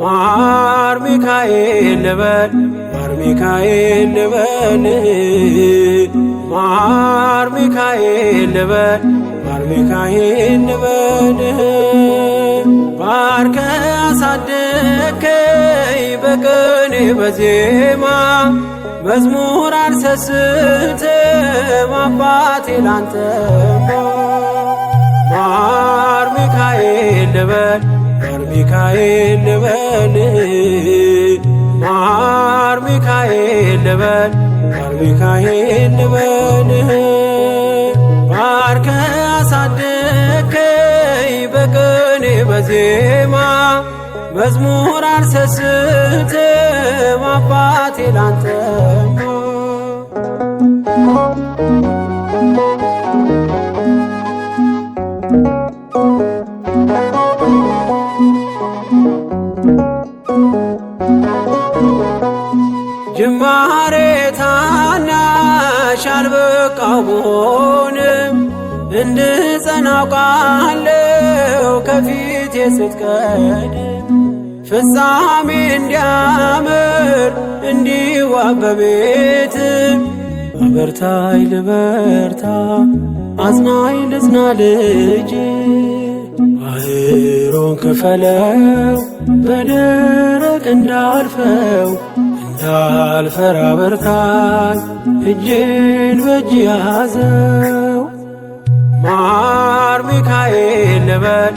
ማር ሚካኤል ልበል ማር ሚካኤል ልበል ማር ሚካኤል ልበል ማር ሚካኤል ልበል ባርከ አሳደከይ በቅኔ በዜማ መዝሙር አልሰስት አባቴ ላንተ ማር ሚካኤል ልበል ማር ሚካኤል ልበል ማር ሚካኤል ልበል ማር ሚካኤል ልበል ባርከ አሳደከይ በቅኔ በዜማ መዝሙር አልሰስትም አባቴ ላንተ መንገድ ፍጻሜ እንዲያምር እንዲዋብ በቤት አበርታይ ልበርታ አዝናይ ልዝና ልጅ ባህሩን ክፈለው በደረቅ እንዳልፈው እንዳልፈራ በርታይ እጄን በእጅ ያዘው ማር ሚካኤል ልበል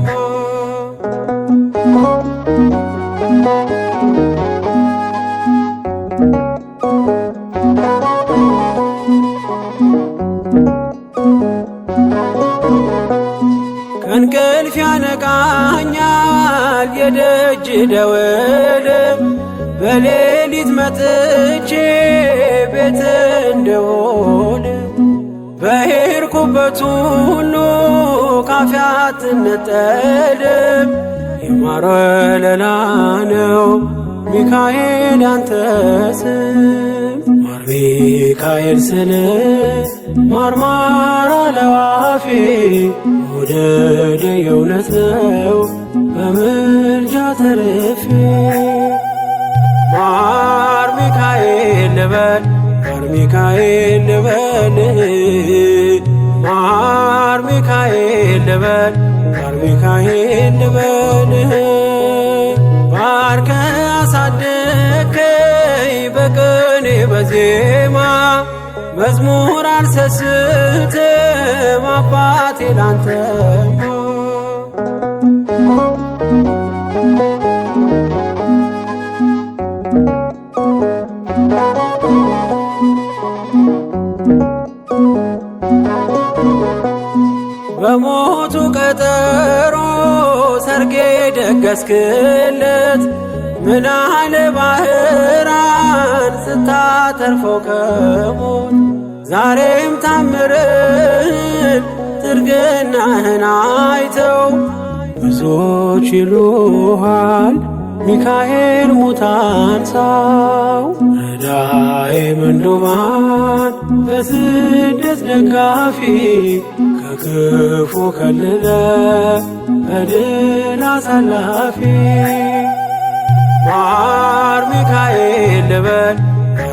እንቅልፍ ያነቃኛል የደጅ ደወል በሌሊት መጥቼ ቤት እንደሆነ በሄድኩበት ሁሉ ካፌ አትነጠልም። ለላ ነው ሚካኤል አንተስ ሚካኤል ስል ማርማራ ለዋፌ ውደድ የእውነት ነው በምልጃ ተርፌ ማር ሚካኤል ንበል ማር ሚካኤል ንበል ማር ሚካኤል ንበል ማር ሚካኤል ንበል ባርከ አሳደከይ በቀ እኔ በዜማ መዝሙር አልሰስትም አባቴ ላንተ በሞቱ ቀጠሮ ሰርጌ ደገስክለት ምናለ ባህራ ቀጥታ ተርፎ ከሞት ዛሬም ታምርህን ትርግናህን አይተው ብዙዎች ይሉሃል ሚካኤል ሙታን ሳው ረዳኤ ምንዱባን በስደት ደጋፊ ከክፉ ከልለ በድል አሳላፊ ማር ሚካኤል ልበል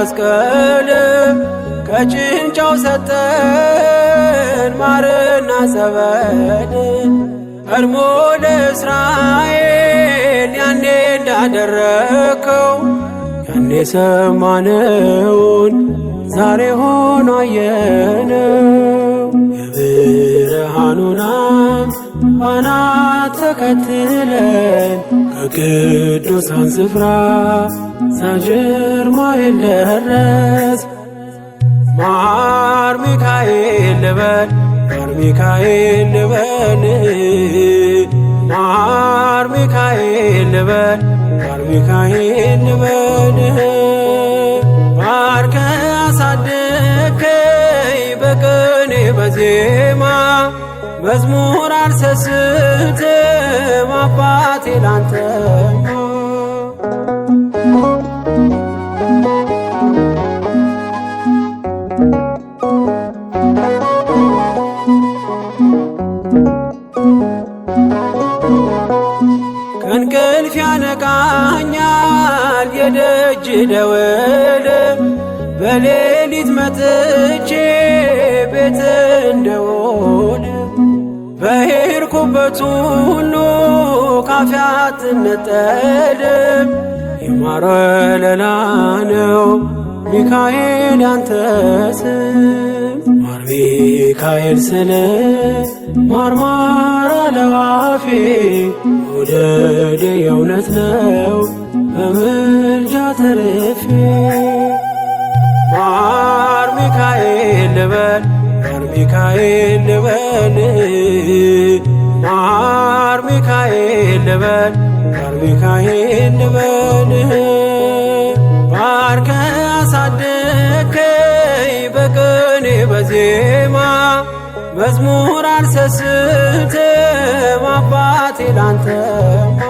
መስቀል ከጭንጫው ሰጠን ማርና ዘበን ቀድሞ ለእስራኤል ያኔ እንዳደረከው ያኔ ሰማነውን ዛሬ ሆኖ አየነው የብርሃኑን አናት ተከትለን ከቅዱሳን ስፍራ ታጅር ማይል ደረስ ማር ሚካኤል ልበል ማር ሚካኤል ልበል ማር ሚካኤል ልበል ማር ሚካኤል ልበል ባርከ አሳደከይ በቅኔ በዜማ መዝሙር አልሰስትም አባቴ ላንተማ ደወል በሌሊት መጥቼ ቤት እንደውል በሄድኩበት ሁሉ ካፌ አትነጠልም። የማረ ለላ ነው ሚካኤል ያንተ ስም ማር ሚካኤል ስል ማርማራ ለዋፌ ውደድ የእውነት ነው በምል ተርፌ ማር ሚካኤል ልበል ማር ሚካኤል ልበል ማር ሚካኤል ልበል ማር ሚካኤል ልበል ባርከ አሳደከኝ በቅኔ በዜማ መዝሙር አልሰስትም አባቴ ላንተማ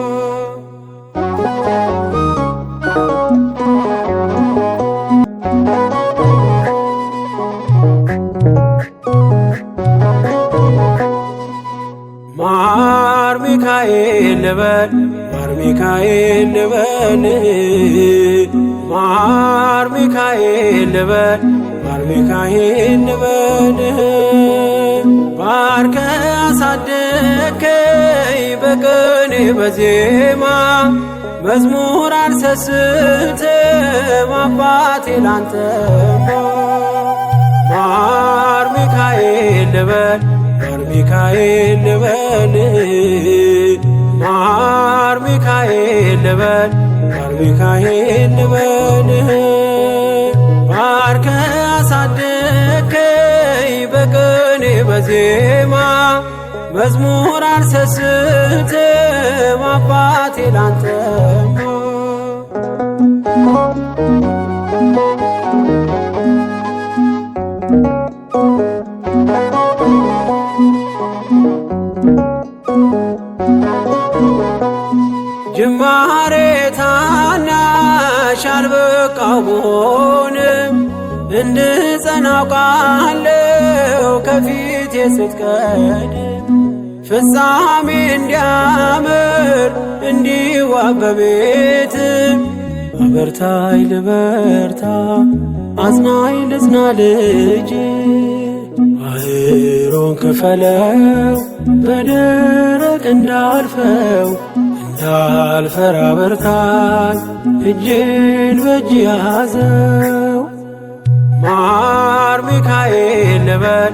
በዜማ መዝሙር አልሰስትም አባቴ ላንተ ማር ሚካኤል ልበል ማር ሚካኤል ልበል ማር ሚካኤል ልበል ማር ሚካኤል ልበል ባርከ አሳደከይ በቅኔ በዜማ መዝሙር አልሰስትም አባቴ ላንተ ጅማሬ ታናሽ አልበቃው ብሆንም እንድጸና ከፊት የስትቀድም ፍጻሜ እንዲያምር እንዲዋብ በቤት አበርታይ ልበርታ አዝናይ ልዝና ልጅ ባህሩን ክፈለው በደረቅ እንዳልፈው እንዳልፈራ በርታይ እጅን በእጅ ያዘው ማር ሚካኤል ልበል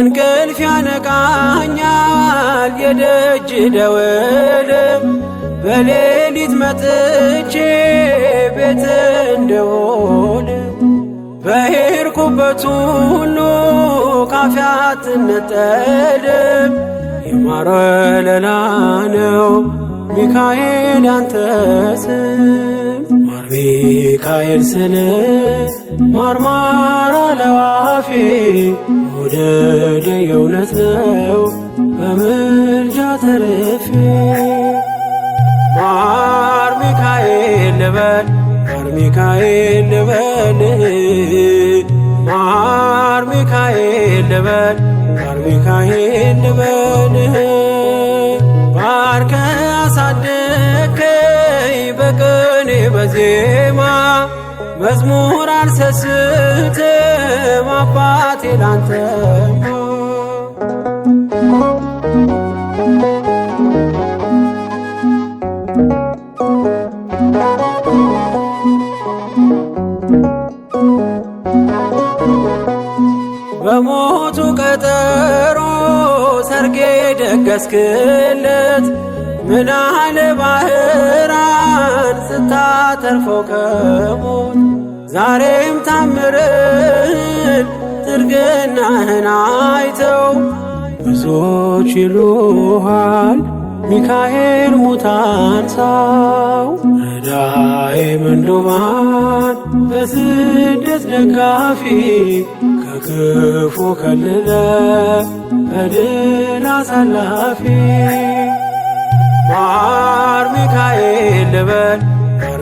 እንቅልፍ ያነቃኛል የደጅ ደወል በሌሊት መጥቼ ቤት እንደውል በሄድኩበት ሁሉ ካፊያት አትነጠልም። የማረ ለላ ነው ሚካኤል ያንተ ስም ማር ሚካኤል ስል ማርማር አለዋፌ መውደድ የእውነት ነው በምልጃ ተርፌ ማር ሚካኤል ልበል ማር ሚካኤል ልበል ማር ሚካኤል ልበል ማር ሚካኤል ልበል ባርከ አሳደከኝ በቅኔ በዜማ መዝሙር አልሰስትም አባቴ ላንተ በሞቱ ቀጠሮ ሰርጌ ደገስክለት ምናለ ባህራን ስታተርፎ ከሞ ዛሬም ታምርን ጥርግናህን አይተው ብዙዎች ይሉሃል ሚካኤል ሙታን ሳው ረዳዬ ምንዱማን በስደት ደጋፊ ከክፉ ከልለ በድን አሳላፊ ባር ሚካኤል ልበል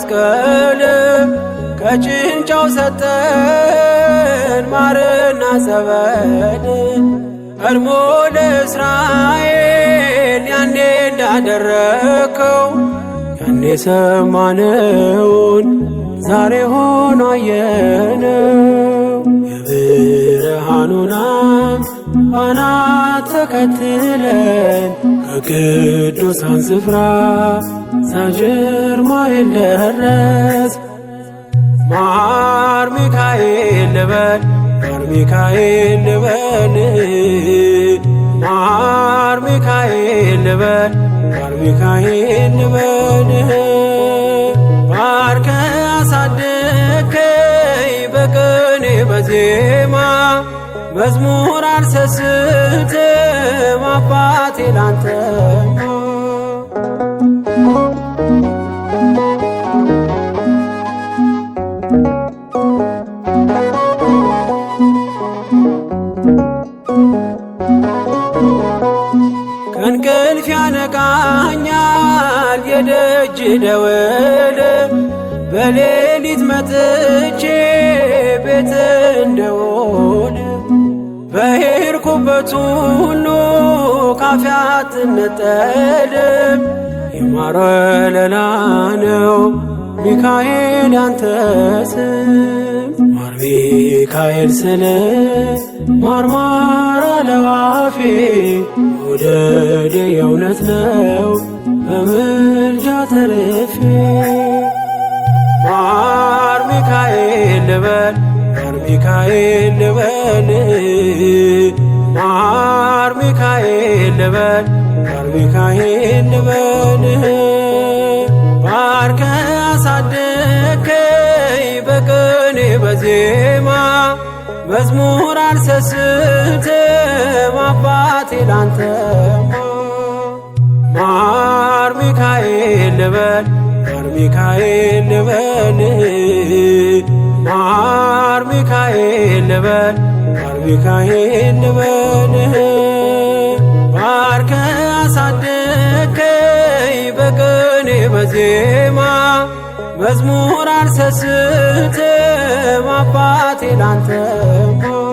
መስቀል ከጭንጫው ሰጠን ማርና ዘበን ቀድሞ ለእስራኤል ያኔ እንዳደረከው ያኔ ሰማነውን ዛሬ ሆኖ አየነው የብርሃኑና ባና ተከትለን ከቅዱሳን ስፍራ ሳንሽርማይል ልህረስ ማር ሚካኤል ልበል ማር ሚካኤል ልበል ማር ሚካኤል ልበል ማር ሚካኤል ልበል ባርከ አሳደከይ በቅኔ በዜማ መዝሙር አልሰስትም አባቴ ላንተማ ደወለ በሌሊት መጥቼ ቤት እንደሆነ በሄድኩበት ሁሉ ካፌ አትነጠልም። የማረ ለላ ነው ሚካኤል ያንተ ስም ማር ሚካኤል ስል ማርማራ ለዋፌ መውደድ የእውነት ነው ተርፌ ማር ሚካኤል ልበል ማር ሚካኤል ልበል ማር ሚካኤል ልበል ማር ሚካኤል ልበል ባርከ አሳደከይ በቅኔ በዜማ መዝሙር አልሰስት አባቴ ላንተማ ማር ሚካኤል ልበል ማር ሚካኤል ልበል ማር ሚካኤል ልበል ማር ሚካኤል ልበል ባርከ አሳደከይ በቅኔ በዜማ መዝሙር አልሰስት አባቴ ላንተማ